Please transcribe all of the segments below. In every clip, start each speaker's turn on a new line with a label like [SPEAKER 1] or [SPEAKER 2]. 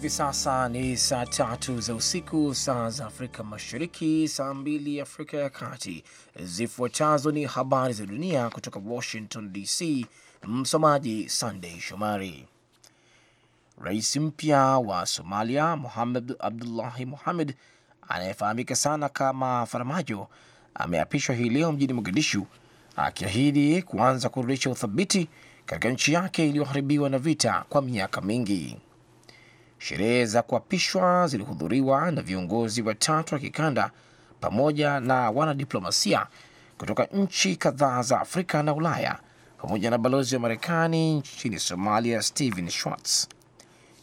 [SPEAKER 1] Hivi sasa ni saa tatu za usiku, saa za Afrika Mashariki, saa mbili Afrika ya Kati. Zifuatazo ni habari za dunia kutoka Washington DC. Msomaji Sandei Shomari. Rais mpya wa Somalia muhamed Abdullahi muhamed anayefahamika sana kama Farmajo ameapishwa hii leo mjini Mogadishu, akiahidi kuanza kurudisha uthabiti katika nchi yake iliyoharibiwa na vita kwa miaka mingi. Sherehe za kuapishwa zilihudhuriwa na viongozi watatu wa kikanda pamoja na wanadiplomasia kutoka nchi kadhaa za Afrika na Ulaya pamoja na balozi wa Marekani nchini Somalia Stephen Schwartz.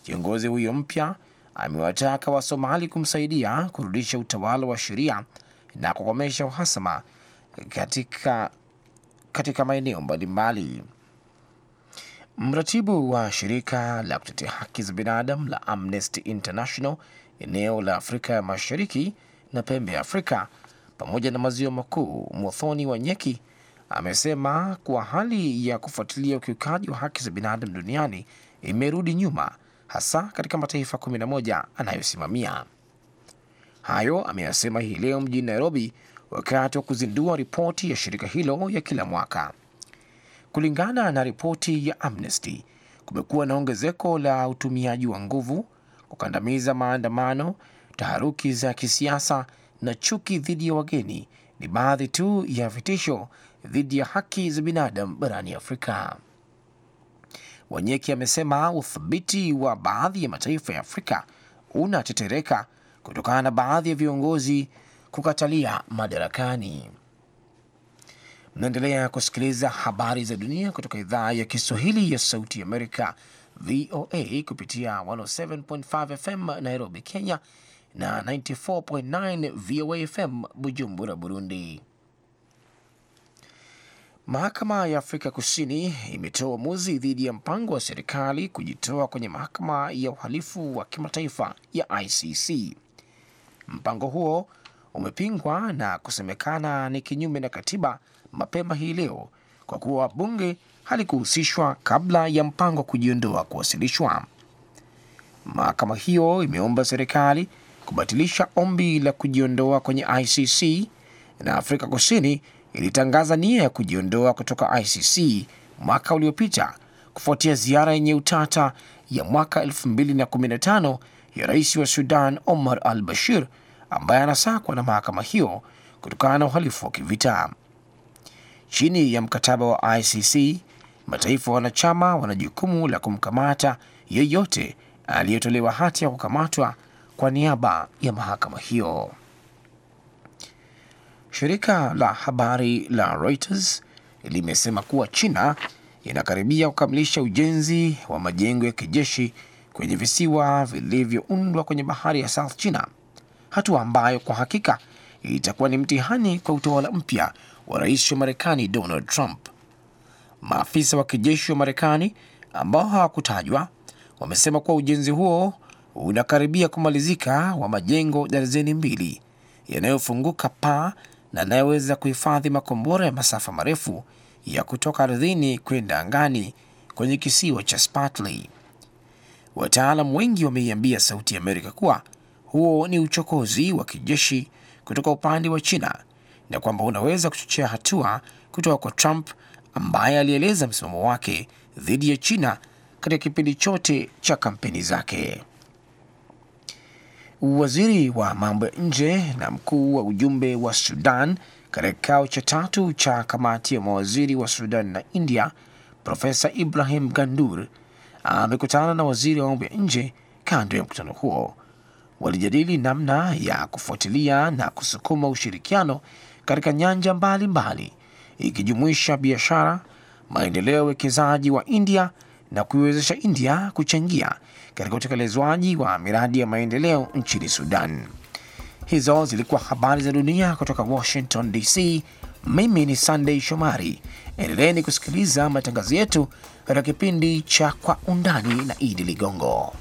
[SPEAKER 1] Kiongozi huyo mpya amewataka wa somali kumsaidia kurudisha utawala wa sheria na kukomesha uhasama katika, katika maeneo mbalimbali. Mratibu wa shirika la kutetea haki za binadamu la Amnesty International eneo la Afrika ya Mashariki na pembe ya Afrika pamoja na maziwa makuu, Muthoni wa Nyeki amesema kuwa hali ya kufuatilia ukiukaji wa haki za binadamu duniani imerudi nyuma, hasa katika mataifa 11 anayosimamia. Hayo ameyasema hii leo mjini Nairobi wakati wa kuzindua ripoti ya shirika hilo ya kila mwaka. Kulingana na ripoti ya Amnesty, kumekuwa na ongezeko la utumiaji wa nguvu, kukandamiza maandamano, taharuki za kisiasa na chuki dhidi ya wageni ni baadhi tu ya vitisho dhidi ya haki za binadamu barani Afrika. Wanyeki amesema uthabiti wa baadhi ya mataifa ya Afrika unatetereka kutokana na baadhi ya viongozi kukatalia madarakani. Naendelea kusikiliza habari za dunia kutoka idhaa ya Kiswahili ya Sauti Amerika, VOA, kupitia 107.5 FM Nairobi, Kenya na 94.9 VOA FM Bujumbura, Burundi. Mahakama ya Afrika Kusini imetoa uamuzi dhidi ya mpango wa serikali kujitoa kwenye mahakama ya uhalifu wa kimataifa ya ICC. Mpango huo umepingwa na kusemekana ni kinyume na katiba mapema hii leo kwa kuwa bunge halikuhusishwa kabla ya mpango wa kujiondoa kuwasilishwa. Mahakama hiyo imeomba serikali kubatilisha ombi la kujiondoa kwenye ICC na Afrika Kusini ilitangaza nia ya kujiondoa kutoka ICC mwaka uliopita kufuatia ziara yenye utata ya mwaka 2015 ya rais wa Sudan Omar al Bashir ambaye anasakwa na mahakama hiyo kutokana na uhalifu wa kivita. Chini ya mkataba wa ICC, mataifa wanachama wana jukumu la kumkamata yeyote aliyetolewa hati ya kukamatwa kwa niaba ya mahakama hiyo. Shirika la habari la Reuters limesema kuwa China inakaribia kukamilisha ujenzi wa majengo ya kijeshi kwenye visiwa vilivyoundwa kwenye bahari ya South China, hatua ambayo kwa hakika itakuwa ni mtihani kwa utawala mpya wa rais wa Marekani Donald Trump. Maafisa wa kijeshi wa Marekani ambao hawakutajwa wamesema kuwa ujenzi huo unakaribia kumalizika wa majengo darzeni mbili yanayofunguka paa na yanayoweza kuhifadhi makombora ya masafa marefu ya kutoka ardhini kwenda angani kwenye kisiwa cha Spratly. Wataalam wengi wameiambia Sauti ya Amerika kuwa huo ni uchokozi wa kijeshi kutoka upande wa China na kwamba unaweza kuchochea hatua kutoka kwa Trump ambaye alieleza msimamo wake dhidi ya China katika kipindi chote cha kampeni zake. Waziri wa mambo ya nje na mkuu wa ujumbe wa Sudan katika kikao cha tatu cha kamati ya mawaziri wa Sudan na India, Profesa Ibrahim Gandur amekutana na waziri wa mambo ya nje. Kando ya mkutano huo, walijadili namna ya kufuatilia na kusukuma ushirikiano katika nyanja mbalimbali ikijumuisha biashara, maendeleo ya uwekezaji wa India na kuiwezesha India kuchangia katika utekelezwaji wa miradi ya maendeleo nchini Sudan. Hizo zilikuwa habari za dunia kutoka Washington DC. Mimi ni Sunday Shomari. Endeleeni kusikiliza matangazo yetu katika kipindi cha Kwa Undani na Idi Ligongo.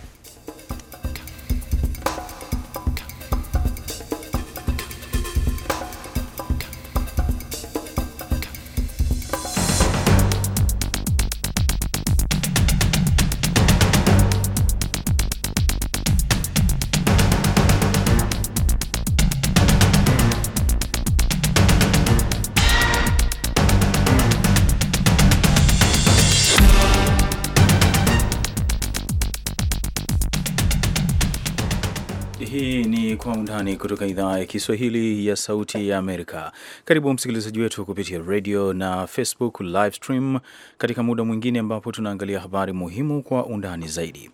[SPEAKER 2] Undani kutoka idhaa ya Kiswahili ya Sauti ya Amerika. Karibu msikilizaji wetu kupitia radio na Facebook live stream katika muda mwingine ambapo tunaangalia habari muhimu kwa undani zaidi.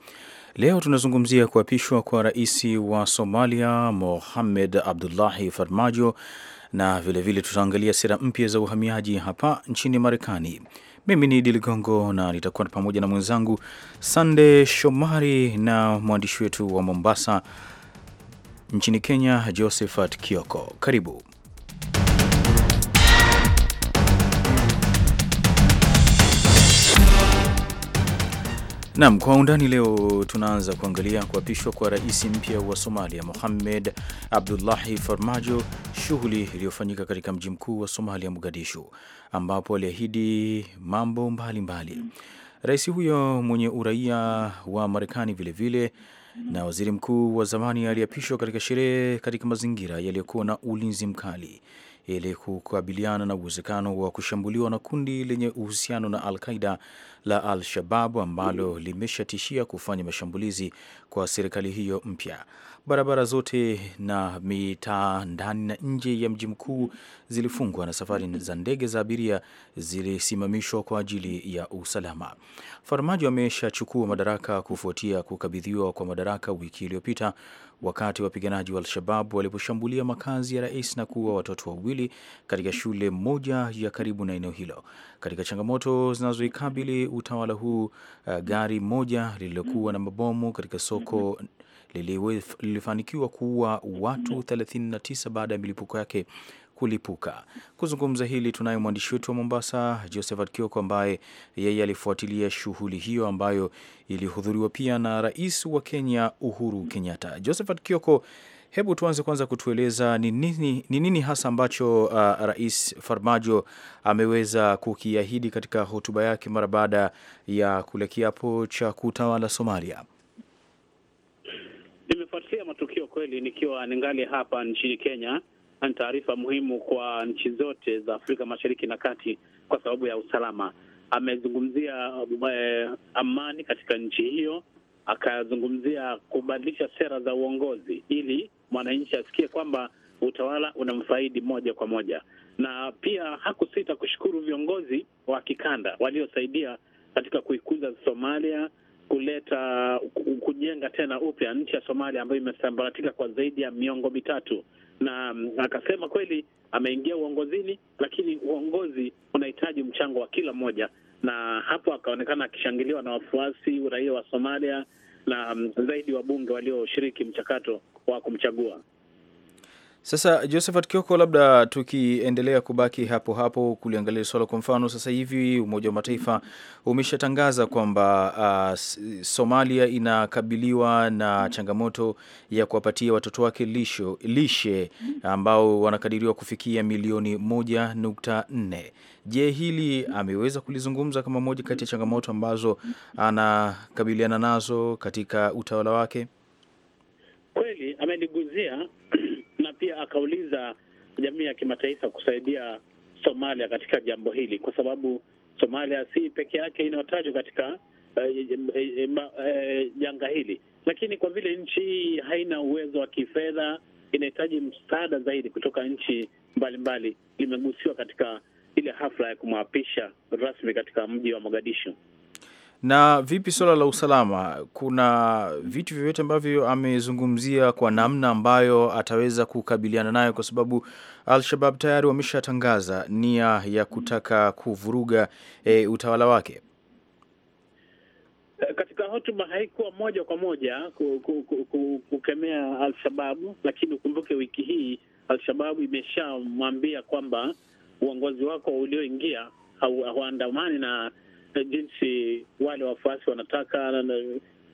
[SPEAKER 2] Leo tunazungumzia kuapishwa kwa rais wa Somalia Mohamed Abdullahi Farmajo na vilevile tutaangalia sera mpya za uhamiaji hapa nchini Marekani. Mimi ni Idi Ligongo na nitakuwa pamoja na mwenzangu Sande Shomari na mwandishi wetu wa Mombasa nchini Kenya, Josephat Kioko. Karibu. Naam, kwa undani leo tunaanza kuangalia kuapishwa kwa rais mpya wa Somalia Mohamed Abdullahi Farmajo, shughuli iliyofanyika katika mji mkuu wa Somalia Mogadishu, ambapo aliahidi mambo mbalimbali mbali. Rais huyo mwenye uraia wa Marekani vilevile na waziri mkuu wa zamani aliapishwa katika sherehe katika mazingira yaliyokuwa na ulinzi mkali ili kukabiliana na uwezekano wa kushambuliwa na kundi lenye uhusiano na Al-Qaida la Al-Shabab ambalo limeshatishia kufanya mashambulizi kwa serikali hiyo mpya. Barabara zote na mitaa ndani na nje ya mji mkuu zilifungwa na safari za ndege za abiria zilisimamishwa kwa ajili ya usalama. Farmajo ameshachukua madaraka kufuatia kukabidhiwa kwa madaraka wiki iliyopita wakati wapiganaji wa Al-Shabab waliposhambulia makazi ya rais na kuua watoto wawili katika shule moja ya karibu na eneo hilo. Katika changamoto zinazoikabili utawala huu, uh, gari moja lililokuwa na mabomu katika soko lilifanikiwa kuua watu 39 baada ya milipuko yake kulipuka. Kuzungumza hili tunaye mwandishi wetu wa Mombasa, Josephat Kioko, ambaye yeye alifuatilia shughuli hiyo ambayo ilihudhuriwa pia na rais wa Kenya Uhuru Kenyatta. Josephat Kioko, hebu tuanze kwanza kutueleza ni nini, ni nini hasa ambacho uh, rais Farmajo ameweza kukiahidi katika hotuba yake mara baada ya kula kiapo cha kutawala Somalia?
[SPEAKER 3] Nimefuatilia matukio kweli, nikiwa ningali hapa nchini Kenya ni taarifa muhimu kwa nchi zote za Afrika Mashariki na Kati kwa sababu ya usalama. Amezungumzia eh, amani katika nchi hiyo, akazungumzia kubadilisha sera za uongozi ili mwananchi asikie kwamba utawala unamfaidi moja kwa moja, na pia hakusita kushukuru viongozi wa kikanda waliosaidia katika kuikuza Somalia, kuleta kujenga tena upya nchi ya Somalia ambayo imesambaratika kwa zaidi ya miongo mitatu na mm, akasema kweli ameingia uongozini, lakini uongozi unahitaji mchango wa kila mmoja, na hapo akaonekana akishangiliwa na wafuasi, raia wa Somalia na mm, zaidi wabunge walioshiriki mchakato wa kumchagua.
[SPEAKER 2] Sasa Josephat Kioko, labda tukiendelea kubaki hapo hapo kuliangalia swala, kwa mfano sasa hivi Umoja wa Mataifa umeshatangaza kwamba uh, Somalia inakabiliwa na changamoto ya kuwapatia watoto wake lisho, lishe ambao wanakadiriwa kufikia milioni moja nukta nne. Je, hili ameweza kulizungumza kama moja kati ya changamoto ambazo anakabiliana nazo katika utawala wake?
[SPEAKER 3] Kweli ameliguzia pia akauliza jamii ya kimataifa kusaidia Somalia katika jambo hili, kwa sababu Somalia si peke yake inayotajwa katika eh, eh, eh, janga hili, lakini kwa vile nchi hii haina uwezo wa kifedha, inahitaji msaada zaidi kutoka nchi mbalimbali, limegusiwa katika ile hafla ya kumwapisha rasmi katika mji wa Mogadishu.
[SPEAKER 2] Na vipi suala la usalama, kuna vitu vyovyote ambavyo amezungumzia kwa namna ambayo ataweza kukabiliana nayo, kwa sababu Al-Shabab tayari wameshatangaza nia ya kutaka kuvuruga e, utawala wake?
[SPEAKER 3] Katika hotuba haikuwa moja kwa moja kukemea al lakini ukumbuke wiki hii al imeshamwambia kwamba uongozi wako ulioingia hauandamani na jinsi wale wafuasi wanataka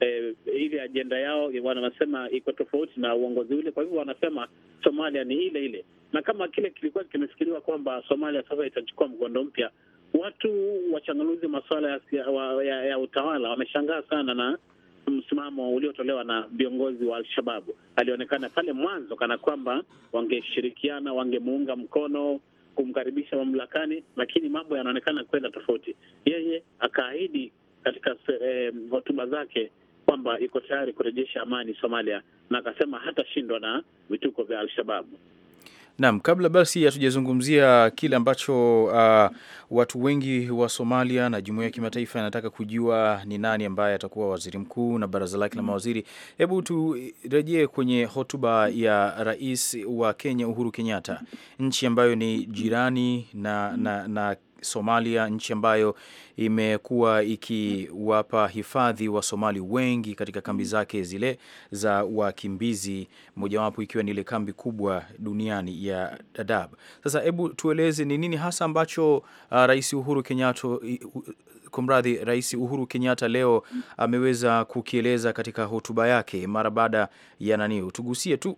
[SPEAKER 3] eh, ile ajenda yao wanasema iko tofauti na uongozi ule. Kwa hivyo wanasema Somalia ni ile ile, na kama kile kilikuwa kimefikiriwa kwamba Somalia sasa itachukua mkondo mpya, watu wachanganuzi masuala ya, ya, ya utawala wameshangaa sana na msimamo uliotolewa na viongozi wa Alshababu. Alionekana pale mwanzo kana kwamba wangeshirikiana, wangemuunga mkono kumkaribisha mamlakani, lakini mambo yanaonekana kwenda tofauti. Yeye akaahidi katika eh, hotuba eh, zake kwamba iko tayari kurejesha amani Somalia, na akasema hatashindwa na vituko vya Alshababu.
[SPEAKER 2] Naam, kabla basi hatujazungumzia kile ambacho uh, watu wengi wa Somalia na jumuiya ya kimataifa yanataka kujua ni nani ambaye atakuwa waziri mkuu na baraza lake la mm. mawaziri. Hebu turejee kwenye hotuba ya rais wa Kenya Uhuru Kenyatta, mm. nchi ambayo ni jirani na, na, na Somalia, nchi ambayo imekuwa ikiwapa hifadhi wa Somali wengi katika kambi mm. zake zile za wakimbizi, mojawapo ikiwa ni ile kambi kubwa duniani ya Dadaab. Sasa hebu tueleze ni nini hasa ambacho uh, Rais Uhuru Kenyatta kumradhi, Rais Uhuru Kenyatta leo mm. ameweza kukieleza katika hotuba yake mara baada ya nani, tugusie tu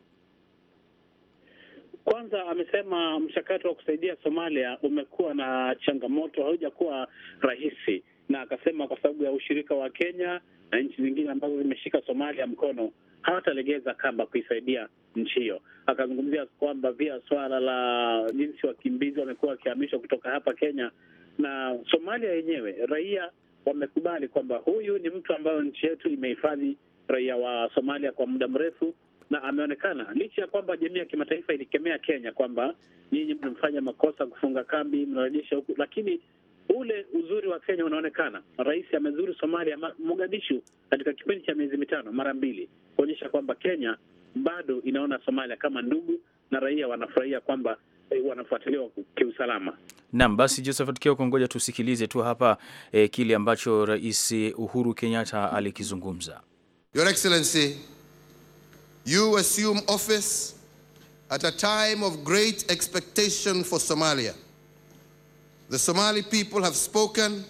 [SPEAKER 3] kwanza amesema mchakato wa kusaidia Somalia umekuwa na changamoto, haujakuwa rahisi, na akasema kwa sababu ya ushirika wa Kenya na nchi zingine ambazo zimeshika Somalia mkono hawatalegeza kamba kuisaidia nchi hiyo. Akazungumzia kwamba pia swala la jinsi wakimbizi wamekuwa wakihamishwa kutoka hapa Kenya na Somalia yenyewe, raia wamekubali kwamba huyu ni mtu ambayo nchi yetu imehifadhi raia wa Somalia kwa muda mrefu na ameonekana licha ya kwamba jamii ya kimataifa ilikemea Kenya kwamba nyinyi mnamfanya makosa kufunga kambi, mnarejesha huku, lakini ule uzuri wa Kenya unaonekana. Rais amezuru Somalia, Mogadishu, katika kipindi cha miezi mitano mara mbili, kuonyesha kwamba Kenya bado inaona Somalia kama ndugu na raia wanafurahia kwamba eh, wanafuatiliwa
[SPEAKER 4] kiusalama.
[SPEAKER 2] Naam, basi Josephat Kioko, ngoja tusikilize tu hapa eh, kile ambacho Rais Uhuru Kenyatta alikizungumza.
[SPEAKER 4] Your Excellency You assume office at a time of great expectation for Somalia. The Somali people have spoken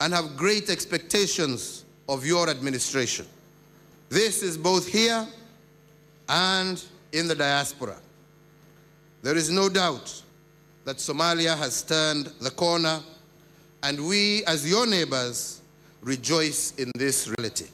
[SPEAKER 4] and have great expectations of your administration. This is both here and in the diaspora. There is no doubt that Somalia has turned the corner, and we, as your neighbors, rejoice in this reality.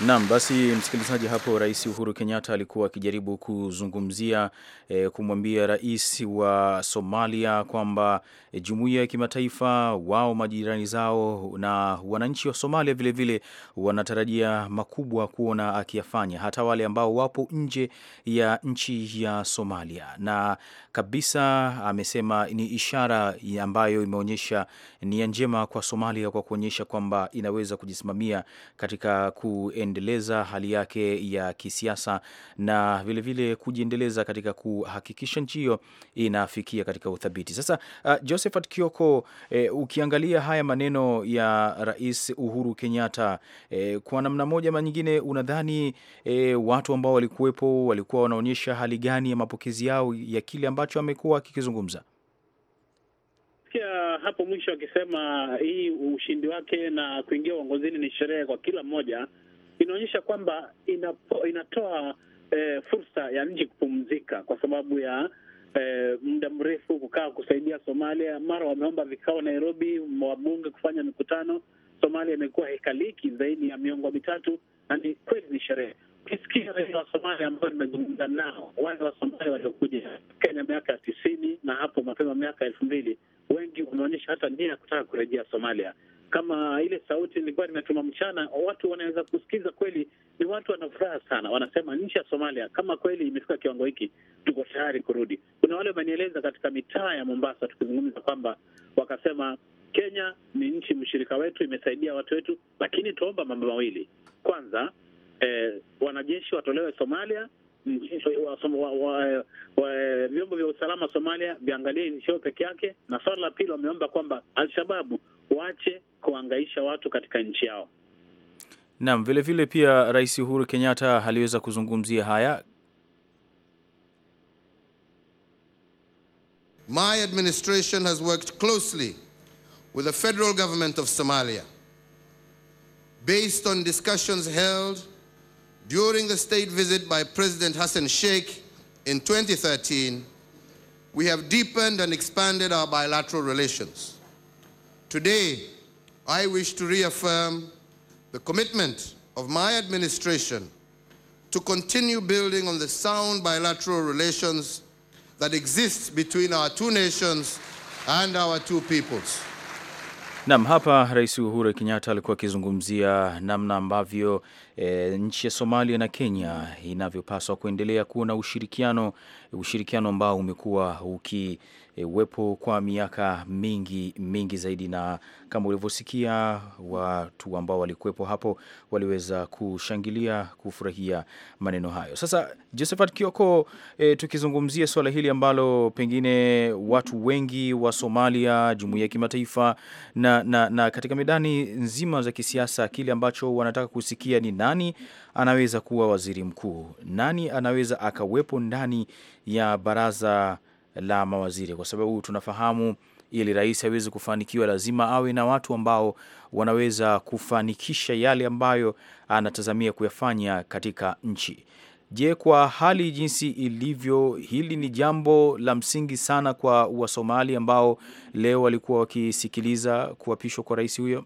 [SPEAKER 2] Naam, basi msikilizaji, hapo Rais Uhuru Kenyatta alikuwa akijaribu kuzungumzia e, kumwambia rais wa Somalia kwamba e, jumuiya ya kimataifa, wao majirani zao na wananchi wa Somalia vilevile vile, wanatarajia makubwa kuona akiyafanya, hata wale ambao wapo nje ya nchi ya Somalia. Na kabisa amesema ni ishara ambayo imeonyesha nia njema kwa Somalia kwa kuonyesha kwamba inaweza kujisimamia katika ku kuendeleza hali yake ya kisiasa na vilevile kujiendeleza katika kuhakikisha nchi hiyo inafikia katika uthabiti. Sasa uh, Josephat Kioko, eh, ukiangalia haya maneno ya Rais Uhuru Kenyatta eh, kwa namna moja ama nyingine, unadhani eh, watu ambao walikuwepo walikuwa wanaonyesha hali gani ya mapokezi yao ya kile ambacho amekuwa akikizungumza?
[SPEAKER 3] hapo mwisho akisema hii ushindi wake na kuingia uongozini ni sherehe kwa kila mmoja, inaonyesha kwamba inapo, inatoa eh, fursa ya nchi kupumzika kwa sababu ya eh, muda mrefu kukaa kusaidia Somalia. Mara wameomba vikao Nairobi, wabunge kufanya mikutano. Somalia imekuwa hekaliki zaidi ya miongo mitatu, na ni kweli ni sherehe. Ukisikia raia wa Somalia ambao nimezungumza nao, wale wa Somalia waliokuja Kenya miaka ya tisini na hapo mapema miaka elfu mbili, wengi wameonyesha hata nia ya kutaka kurejea Somalia kama ile sauti ilikuwa linatuma mchana, watu wanaweza kusikiza kweli. Ni watu wanafuraha sana, wanasema nchi ya Somalia kama kweli imefika kiwango hiki, tuko tayari kurudi. Kuna wale wamenieleza katika mitaa ya Mombasa tukizungumza kwamba wakasema Kenya ni nchi mshirika wetu, imesaidia watu wetu, lakini tuomba mambo mawili. Kwanza eh, wanajeshi watolewe Somalia, vyombo vya usalama Somalia viangalie nchi yao peke yake, na swala la pili wameomba kwamba Alshababu wache kuangaisha watu katika nchi yao.
[SPEAKER 2] Naam, vile vile pia Rais Uhuru Kenyatta aliweza kuzungumzia haya.
[SPEAKER 4] My administration has worked closely with the federal government of Somalia based on discussions held during the state visit by President Hassan Sheikh in 2013. We have deepened and expanded our bilateral relations. Today, I wish to reaffirm the commitment of my administration to continue building on the sound bilateral relations that exist between our two nations and our two peoples.
[SPEAKER 2] Nam, hapa Rais Uhuru Kenyatta alikuwa akizungumzia namna ambavyo e, nchi ya Somalia na Kenya inavyopaswa kuendelea kuwa na ushirikiano, ushirikiano ambao umekuwa uki e, uwepo kwa miaka mingi mingi zaidi, na kama ulivyosikia watu ambao walikuwepo hapo waliweza kushangilia kufurahia maneno hayo. Sasa Josephat Kioko, e, tukizungumzia swala hili ambalo pengine watu wengi wa Somalia, jumuiya ya kimataifa na, na, na katika medani nzima za kisiasa, kile ambacho wanataka kusikia ni nani anaweza kuwa waziri mkuu, nani anaweza akawepo ndani ya baraza la mawaziri, kwa sababu tunafahamu ili rais aweze kufanikiwa lazima awe na watu ambao wanaweza kufanikisha yale ambayo anatazamia kuyafanya katika nchi. Je, kwa hali jinsi ilivyo, hili ni jambo la msingi sana kwa Wasomali ambao leo walikuwa wakisikiliza kuapishwa kwa rais huyo?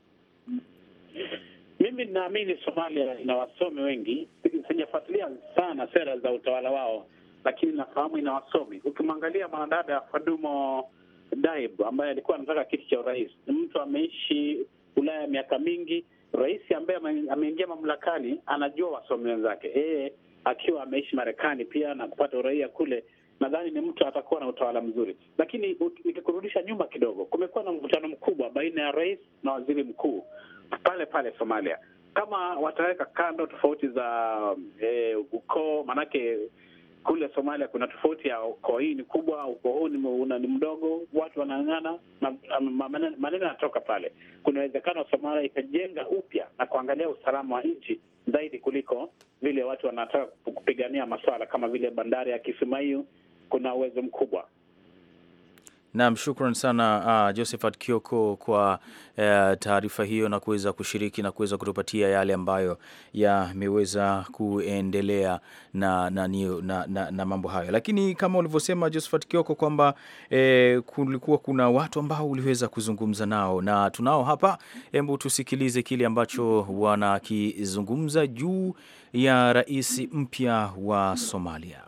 [SPEAKER 3] Mimi ninaamini Somalia ina wasomi wengi, sijafuatilia sana sera za utawala wao lakini nafahamu ina wasomi. Ukimwangalia mwanadada Fadumo Daib ambaye alikuwa anataka kiti cha urais, mtu ameishi Ulaya miaka mingi. Rais ambaye ameingia mamlakani anajua wasomi wenzake. Yeye akiwa ameishi Marekani pia na kupata uraia kule, nadhani ni mtu atakuwa na utawala mzuri. Lakini nikikurudisha nyuma kidogo, kumekuwa na mvutano mkubwa baina ya rais na waziri mkuu pale pale Somalia. Kama wataweka kando tofauti za e, ukoo, maanake kule Somalia kuna tofauti ya ukoo hii ni kubwa, ukoo huu ni mdogo, watu wanang'ana, maneno yanatoka pale. Kuna uwezekano Somalia ikajenga upya na kuangalia usalama wa nchi zaidi kuliko vile watu wanataka kupigania maswala kama vile bandari ya Kisimaiu. Kuna uwezo mkubwa
[SPEAKER 2] Naam, shukran sana uh, Josephat Kioko kwa uh, taarifa hiyo na kuweza kushiriki na kuweza kutupatia yale ambayo yameweza kuendelea na, na, na, na, na mambo hayo. Lakini kama ulivyosema Josephat Kioko kwamba eh, kulikuwa kuna watu ambao uliweza kuzungumza nao na tunao hapa. Hebu tusikilize kile ambacho wanakizungumza juu ya rais mpya wa Somalia.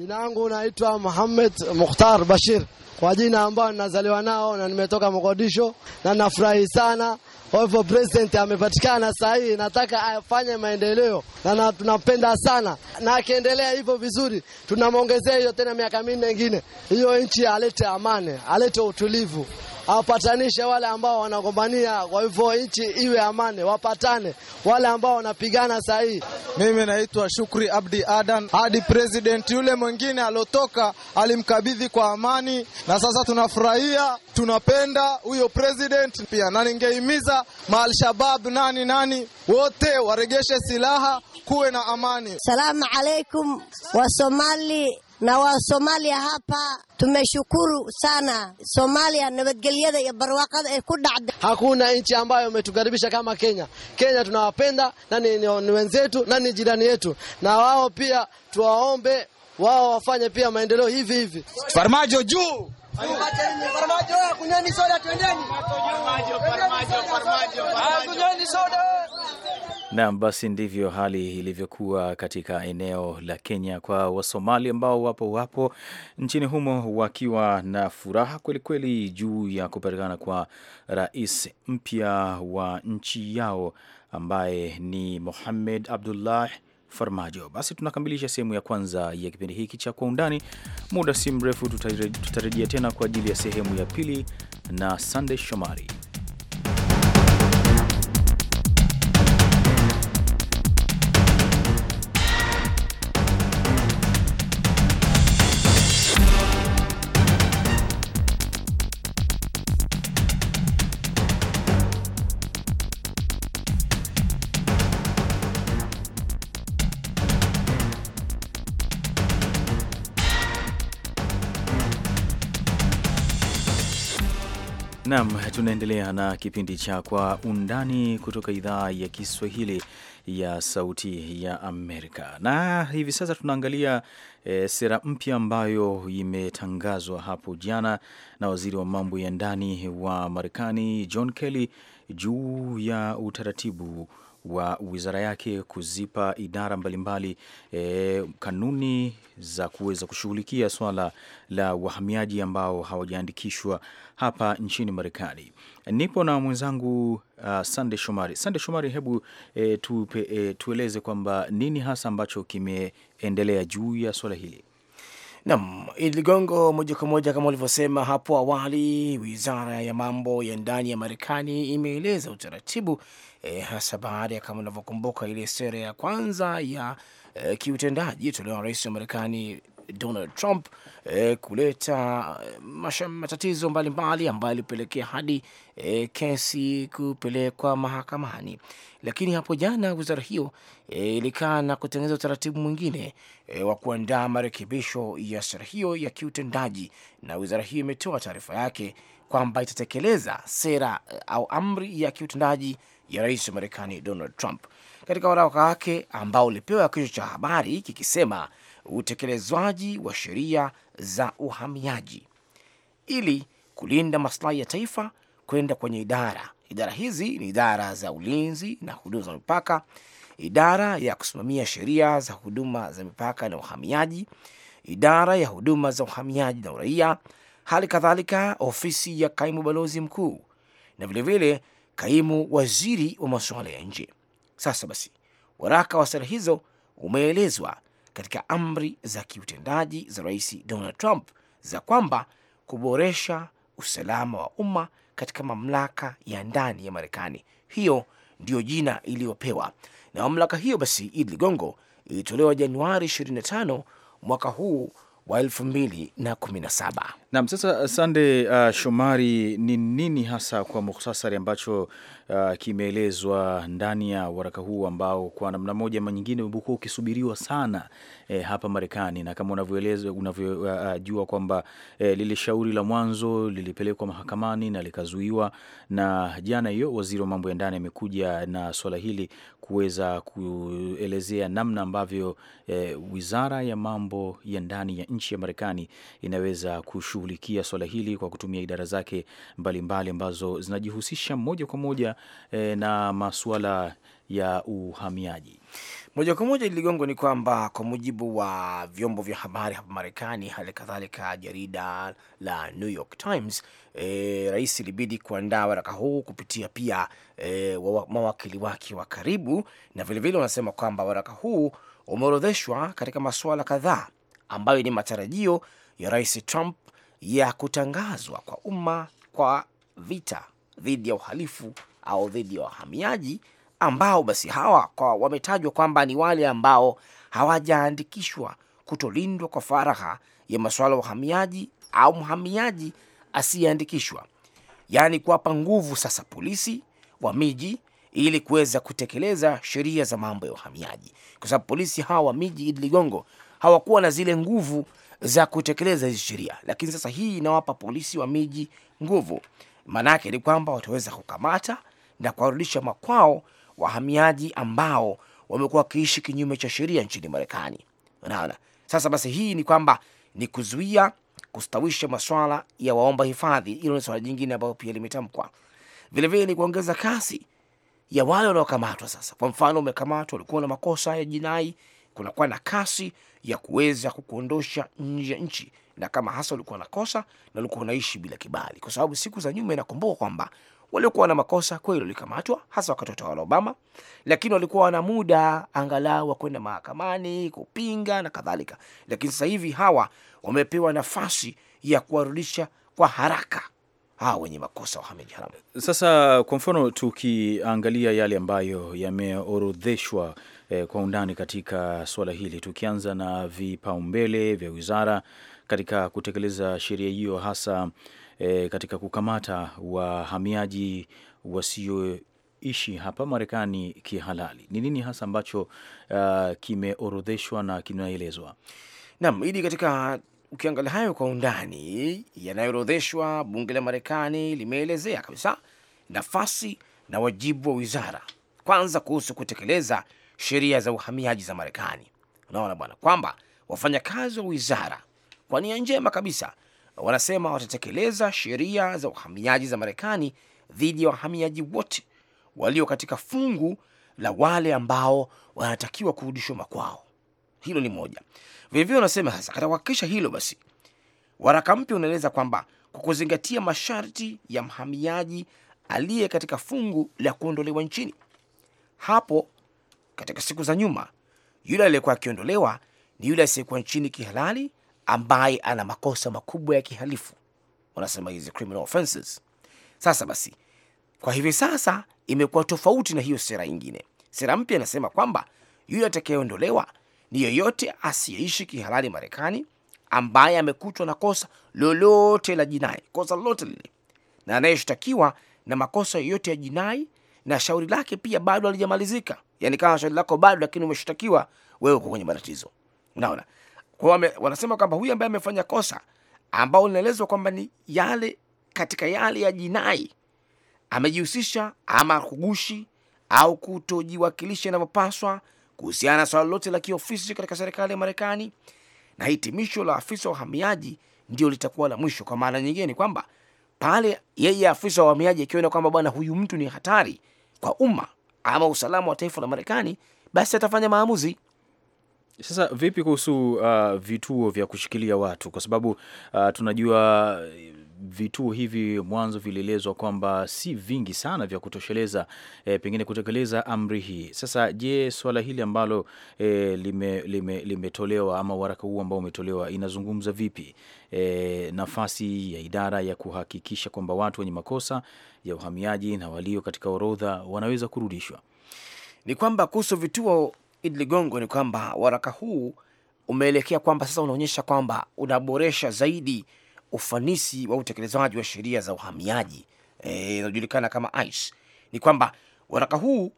[SPEAKER 4] Jina langu naitwa Mohamed Mukhtar Bashir kwa jina ambayo ninazaliwa nao na nimetoka Mogadisho na
[SPEAKER 1] nafurahi sana kwa hivyo president amepatikana saa hii, nataka afanye maendeleo na tunapenda sana, na akiendelea hivyo vizuri, tunamwongezea hiyo tena miaka minne ingine, hiyo nchi alete amani, alete utulivu awapatanishe wale ambao
[SPEAKER 4] wanagombania, kwa hivyo nchi iwe amani, wapatane wale ambao wanapigana saa hii. Mimi naitwa Shukri Abdi Adan. Hadi president yule mwingine aliotoka alimkabidhi kwa amani, na sasa tunafurahia, tunapenda huyo president pia, na ningehimiza maalshabab nani nani wote waregeshe silaha, kuwe na amani.
[SPEAKER 3] Salamu alaikum Somali na waa Soomaaliya
[SPEAKER 4] hapa tumeshukuru sana Soomaaliya nabadgelyada iyo barwaaqada ay ku dhacday. Hakuna nchi ambayo imetukaribisha kama Kenya. Kenya tunawapenda na ni, ni wenzetu na
[SPEAKER 1] ni jirani yetu, na wao pia tuwaombe wao wafanye pia maendeleo hivi hivi.
[SPEAKER 2] Farmajo juu
[SPEAKER 4] Farmajo, kunyeni soda, twendeni. Farmajo, Farmajo, Farmajo, ah, Kunyeni soda.
[SPEAKER 2] Naam, basi ndivyo hali ilivyokuwa katika eneo la Kenya kwa Wasomali ambao wapo wapo nchini humo wakiwa na furaha kwelikweli juu ya kupatikana kwa rais mpya wa nchi yao ambaye ni Mohamed Abdullah Farmajo. Basi tunakamilisha sehemu ya kwanza ya kipindi hiki cha Kwa Undani. Muda si mrefu tutarejea tena kwa ajili ya sehemu ya pili na Sandey Shomari. Naam, tunaendelea na kipindi cha Kwa Undani kutoka idhaa ya Kiswahili ya Sauti ya Amerika, na hivi sasa tunaangalia e, sera mpya ambayo imetangazwa hapo jana na waziri wa mambo ya ndani wa Marekani John Kelly juu ya utaratibu wa wizara yake kuzipa idara mbalimbali e, kanuni za kuweza kushughulikia swala la wahamiaji ambao hawajaandikishwa hapa nchini Marekani. Nipo na mwenzangu uh, Sande Shomari. Sande Shomari, hebu e, tupe, e, tueleze kwamba nini hasa ambacho kimeendelea juu ya swala hili. Nam Idi
[SPEAKER 1] Ligongo, moja kwa moja kama ulivyosema hapo awali, wizara ya mambo ya ndani ya Marekani imeeleza utaratibu e, hasa baada ya kama unavyokumbuka ile sera ya kwanza ya e, kiutendaji tolewa na rais wa Marekani Donald Trump e, kuleta e, masha, matatizo mbalimbali ambayo alipelekea hadi e, kesi kupelekwa mahakamani. Lakini hapo jana wizara hiyo e, ilikaa na kutengeneza utaratibu mwingine e, wa kuandaa marekebisho ya sera hiyo ya kiutendaji, na wizara hiyo imetoa taarifa yake kwamba itatekeleza sera e, au amri ya kiutendaji ya rais wa Marekani Donald Trump katika waraka wake ambao ulipewa kichwa cha habari kikisema utekelezwaji wa sheria za uhamiaji ili kulinda maslahi ya taifa kwenda kwenye idara. Idara hizi ni idara za ulinzi na huduma za mipaka, idara ya kusimamia sheria za huduma za mipaka na uhamiaji, idara ya huduma za uhamiaji na uraia, hali kadhalika ofisi ya kaimu balozi mkuu na vilevile vile, kaimu waziri wa masuala ya nje. Sasa basi, waraka wa sera hizo umeelezwa katika amri za kiutendaji za Rais Donald Trump za kwamba kuboresha usalama wa umma katika mamlaka ya ndani ya Marekani. Hiyo ndiyo jina iliyopewa na mamlaka hiyo. Basi id Ligongo, ilitolewa Januari 25 mwaka huu wa 2017.
[SPEAKER 2] Naam, sasa uh, Sande uh, Shomari, ni nini hasa kwa mukhtasari ambacho uh, kimeelezwa ndani ya waraka huu ambao kwa namna moja ama nyingine umekuwa ukisubiriwa sana eh, hapa Marekani, na kama unavyoeleza unavyojua uh, kwamba eh, lile shauri la mwanzo lilipelekwa mahakamani na likazuiwa, na jana hiyo waziri wa mambo ya ndani amekuja na swala hili kuweza kuelezea namna ambavyo eh, wizara ya mambo ya ndani ya nchi ya Marekani inaweza kushu kushughulikia swala hili kwa kutumia idara zake mbalimbali ambazo mbali zinajihusisha moja kwa moja e, na masuala ya uhamiaji moja
[SPEAKER 1] kwa moja. Iligongo ni kwamba kwa mujibu wa vyombo vya habari hapa Marekani, hali kadhalika jarida la New York Times, e, rais ilibidi kuandaa waraka huu kupitia pia e, mawakili wake wa karibu, na vilevile wanasema kwamba waraka huu umeorodheshwa katika masuala kadhaa ambayo ni matarajio ya rais Trump ya kutangazwa kwa umma kwa vita dhidi ya uhalifu au dhidi ya wahamiaji ambao basi hawa kwa wametajwa kwamba ni wale ambao hawajaandikishwa kutolindwa kwa faraha ya masuala ya uhamiaji au mhamiaji asiyeandikishwa, yaani kuwapa nguvu sasa polisi wa miji ili kuweza kutekeleza sheria za mambo ya uhamiaji, kwa sababu polisi hawa wa miji, Idi Ligongo, hawakuwa na zile nguvu za kutekeleza hizi sheria, lakini sasa hii inawapa polisi wa miji nguvu. Maana yake ni kwamba wataweza kukamata na kuwarudisha makwao wahamiaji ambao wamekuwa wakiishi kinyume cha sheria nchini Marekani. Unaona, sasa basi hii ni kwamba ni kuzuia kustawisha maswala ya waomba hifadhi. Hilo ni swala jingine ambayo pia limetamkwa vilevile, ni kuongeza kasi ya wale wanaokamatwa. Sasa kwa mfano, umekamatwa, ulikuwa na makosa ya jinai, kunakuwa na kasi ya kuweza kukuondosha nje ya nchi, na kama hasa ulikuwa na kosa na ulikuwa unaishi bila kibali, kwa sababu siku za nyuma inakumbuka kwamba waliokuwa na makosa kweli walikamatwa, hasa wakati wa utawala Obama, lakini walikuwa wana muda angalau wa kwenda mahakamani kupinga na kadhalika. Lakini sasa hivi hawa wamepewa nafasi ya kuwarudisha kwa haraka hawa ah, wenye makosa
[SPEAKER 2] wahamiaji haramu. Sasa kwa mfano tukiangalia yale ambayo yameorodheshwa eh, kwa undani katika suala hili, tukianza na vipaumbele vya wizara katika kutekeleza sheria hiyo, hasa eh, katika kukamata wahamiaji wasioishi hapa Marekani kihalali, ni nini hasa ambacho uh, kimeorodheshwa na kinaelezwa? Naam, ili katika ukiangalia hayo kwa
[SPEAKER 1] undani yanayorodheshwa bunge la Marekani limeelezea kabisa nafasi na wajibu wa wizara, kwanza kuhusu kutekeleza sheria za uhamiaji za Marekani. Unaona bwana, kwamba wafanyakazi wa wizara kwa nia njema kabisa wanasema watatekeleza sheria za uhamiaji za Marekani dhidi ya wahamiaji wote walio katika fungu la wale ambao wanatakiwa kurudishwa makwao. Hilo ni moja. Vilevile unasema sasa, katika kuhakikisha hilo, basi waraka mpya unaeleza kwamba kwa kuzingatia masharti ya mhamiaji aliye katika fungu la kuondolewa nchini. Hapo katika siku za nyuma, yule aliyekuwa akiondolewa ni yule asiyekuwa nchini kihalali, ambaye ana makosa makubwa ya kihalifu, wanasema hizi criminal offenses. Sasa basi, kwa hivi sasa imekuwa tofauti na hiyo sera ingine. Sera mpya inasema kwamba yule atakayeondolewa ni yeyote asiyeishi kihalali Marekani ambaye amekutwa na kosa lolote la jinai, kosa lolote lile, na anayeshtakiwa na makosa yoyote ya jinai na shauri lake pia bado halijamalizika. Yani kama shauri lako bado, lakini umeshtakiwa wewe, uko kwenye matatizo. Unaona, kwa wanasema kwamba huyu ambaye amefanya kosa ambao linaelezwa kwamba ni yale katika yale ya jinai, amejihusisha ama kugushi au kutojiwakilisha inavyopaswa kuhusiana na swala lolote la kiofisi katika serikali ya Marekani, na hitimisho la afisa wa uhamiaji ndio litakuwa la mwisho. Kwa maana nyingine ni kwamba pale yeye afisa wa uhamiaji akiona kwamba bwana, huyu mtu ni hatari kwa umma ama usalama wa taifa la Marekani, basi atafanya maamuzi.
[SPEAKER 2] Sasa vipi kuhusu uh, vituo vya kushikilia watu? Kwa sababu uh, tunajua vituo hivi mwanzo vilielezwa kwamba si vingi sana vya kutosheleza e, pengine kutekeleza amri hii. Sasa je, swala hili ambalo e, eh, limetolewa lime, lime ama waraka huu ambao umetolewa inazungumza vipi e, nafasi ya idara ya kuhakikisha kwamba watu wenye makosa ya uhamiaji na walio katika orodha wanaweza kurudishwa? Ni kwamba kuhusu vituo Idi Ligongo,
[SPEAKER 1] ni kwamba waraka huu umeelekea kwamba sasa unaonyesha kwamba unaboresha zaidi ufanisi wa utekelezaji wa sheria za uhamiaji eh, inayojulikana e, kama ICE ni kwamba waraka huu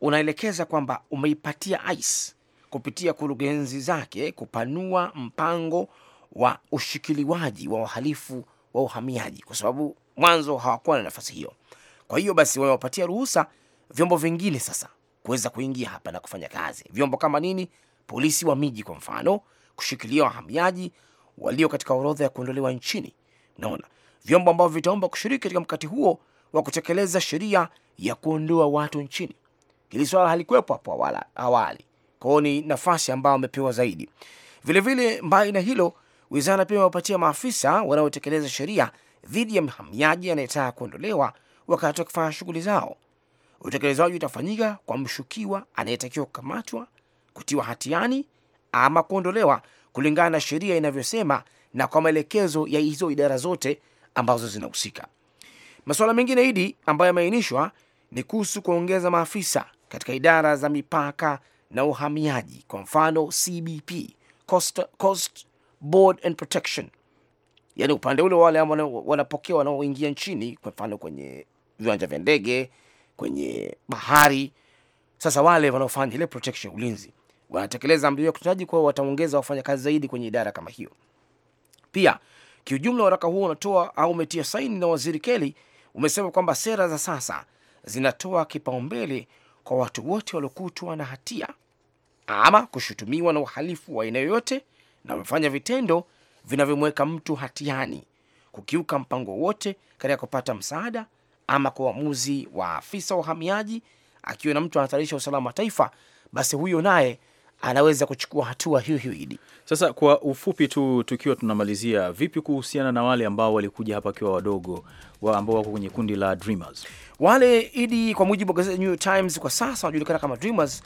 [SPEAKER 1] unaelekeza kwamba umeipatia ICE kupitia kurugenzi zake kupanua mpango wa ushikiliwaji wa wahalifu wa uhamiaji, kwa sababu mwanzo hawakuwa na nafasi hiyo. Kwa hiyo basi wamewapatia ruhusa vyombo vingine sasa kuweza kuingia hapa na kufanya kazi. Vyombo kama nini? Polisi wa miji kwa mfano, kushikilia wahamiaji, walio katika orodha ya kuondolewa nchini. Naona vyombo ambavyo vitaomba kushiriki katika mkati huo wa kutekeleza sheria ya kuondoa watu nchini. Hili swala halikuwepo hapo awali, kwa hiyo ni nafasi ambayo wamepewa zaidi. Vilevile, mbali na hilo, wizara pia imewapatia maafisa wanaotekeleza sheria dhidi ya mhamiaji anayetaka kuondolewa wakati wakifanya shughuli zao. Utekelezaji utafanyika kwa mshukiwa anayetakiwa kukamatwa, kutiwa hatiani ama kuondolewa kulingana na sheria inavyosema na kwa maelekezo ya hizo idara zote ambazo zinahusika. Masuala mengine hidi ambayo yameainishwa ni kuhusu kuongeza maafisa katika idara za mipaka na uhamiaji, kwa mfano CBP, Coast, Coast Board and Protection, yani upande ule wale ambao wanapokea wanaoingia nchini, kwa mfano kwenye viwanja vya ndege, kwenye bahari. Sasa wale wanaofanya ile protection, ulinzi wanatekeleza amri hiyo ya kwa kwao wataongeza wafanyakazi zaidi kwenye idara kama hiyo. Pia kiujumla, waraka huo unatoa au umetia saini na waziri Kelly umesema kwamba sera za sasa zinatoa kipaumbele kwa watu wote waliokutwa na hatia ama kushutumiwa na uhalifu wa aina yoyote na wamefanya vitendo vinavyomweka mtu hatiani, kukiuka mpango wote katika kupata msaada ama kwa uamuzi wa afisa wa uhamiaji, akiwa na mtu anahatarisha usalama wa taifa, basi huyo naye
[SPEAKER 2] anaweza kuchukua hatua hiyo hiyo. Idi, sasa kwa ufupi tu tukiwa tunamalizia, vipi kuhusiana na wale ambao walikuja hapa wakiwa wadogo wa ambao wako kwenye kundi la Dreamers? Wale Idi, kwa mujibu wa gazeti New York Times, kwa sasa wanajulikana kama Dreamers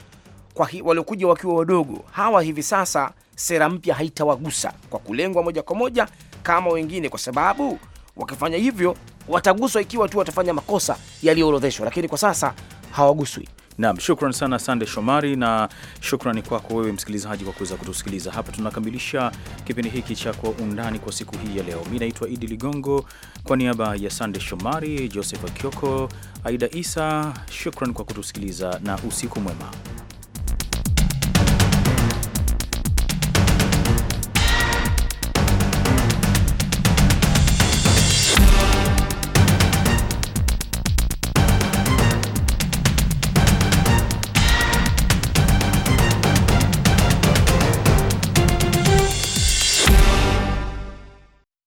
[SPEAKER 2] kwa waliokuja wakiwa
[SPEAKER 1] wadogo. Hawa hivi sasa sera mpya haitawagusa kwa kulengwa moja kwa moja kama
[SPEAKER 2] wengine, kwa sababu wakifanya hivyo
[SPEAKER 1] wataguswa ikiwa tu watafanya makosa yaliyoorodheshwa,
[SPEAKER 2] lakini kwa sasa hawaguswi. Naam, shukran sana Sande Shomari, na shukrani kwako wewe msikilizaji kwa kuweza kutusikiliza hapa. Tunakamilisha kipindi hiki cha Kwa Undani kwa siku hii ya leo. Mi naitwa Idi Ligongo, kwa niaba ya Sande Shomari, Joseph Akioko, Aida Isa, shukran kwa kutusikiliza na usiku mwema.